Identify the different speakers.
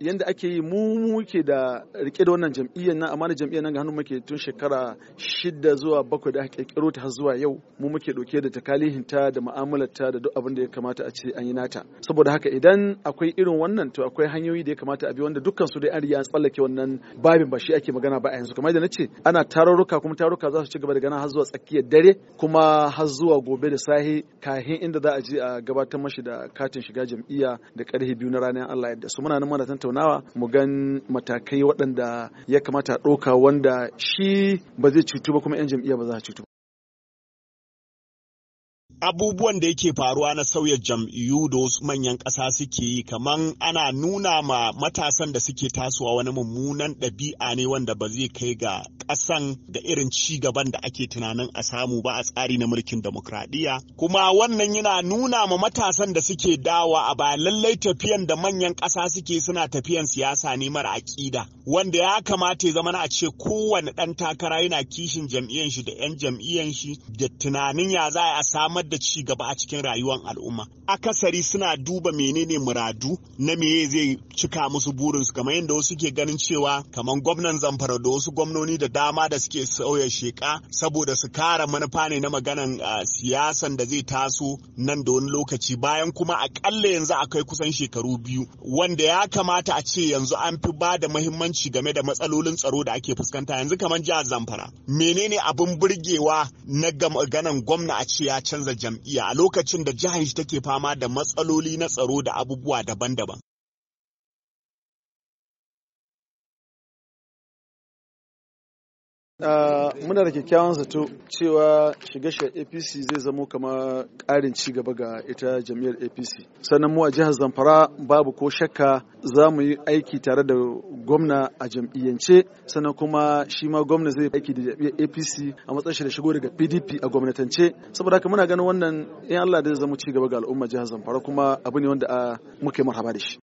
Speaker 1: yanda ake yi mu muke da rike da wannan jam'iyyar nan da jam'iyyar nan ga hannun muke tun shekara shida zuwa bakwai da aka kirkiro ta zuwa yau mu muke dauke da takalihin ta da mu'amalar ta da duk abin da ya kamata a ce an yi nata saboda haka idan akwai irin wannan to akwai hanyoyi da ya kamata a bi wanda dukkan su dai an riya an tsallake wannan babin ba shi ake magana ba a yanzu kamar da nace ana tarurruka kuma tarurruka za su ci gaba da gana har zuwa tsakiyar dare kuma har zuwa gobe da sahi kahin inda za a je a gabatar mashi da katin shiga jam'iyya da karfe biyu na ranar Allah yadda su muna nan tattaunawa mu gan matakai waɗanda ya kamata a ɗauka wanda shi
Speaker 2: ba zai cutu ba kuma 'yan jam'iyya ba za a cutu abubuwan da yake faruwa na sauya jam'iyyu da wasu manyan ƙasa suke yi kamar ana nuna ma matasan da suke tasowa wani mummunan ɗabi'a ne wanda ba zai kai ga ƙasan da irin ci gaban da ake tunanin a samu ba a tsari na mulkin demokradiyya kuma wannan yana nuna ma matasan da suke dawa a ba lallai tafiyan da manyan ƙasa suke suna tafiyan siyasa ne mara aƙida wanda ya kamata ya zama na a ce kowane ɗan takara yana kishin jam'iyyan shi da 'yan jam'iyyan shi da tunanin ya za a samar samar da ci gaba a cikin rayuwar al'umma akasari suna duba menene muradu na meye zai cika musu burinsu kamar yadda wasu ke ganin cewa kamar gwamnan zamfara da wasu gwamnoni da dama da suke sauya sheka saboda su kara manufa ne na maganan siyasan da zai taso nan da wani lokaci bayan kuma akalla yanzu akwai kusan shekaru biyu wanda ya kamata a ce yanzu an fi ba da mahimmanci game da matsalolin tsaro da ake fuskanta yanzu kamar jihar zamfara menene abin burgewa na ganan gwamna a ce ya canza jam'iyya a lokacin da jihar shi take fama da matsaloli na tsaro da abubuwa daban-daban
Speaker 1: muna da kyakkyawan zato cewa shiga shigar apc zai zamo kama karin ci gaba ga ita jam'iyyar apc sannan mu a jihar zamfara babu ko shakka za mu yi aiki tare da gwamna a jam'iyyance sannan kuma shi ma gwamna zai aiki da jam'iyyar apc a matsayin da shigo daga pdp a gwamnatance saboda haka muna ganin wannan in allah zai zamo ci gaba ga al'umma jihar zamfara kuma abu ne wanda muke marhaba da shi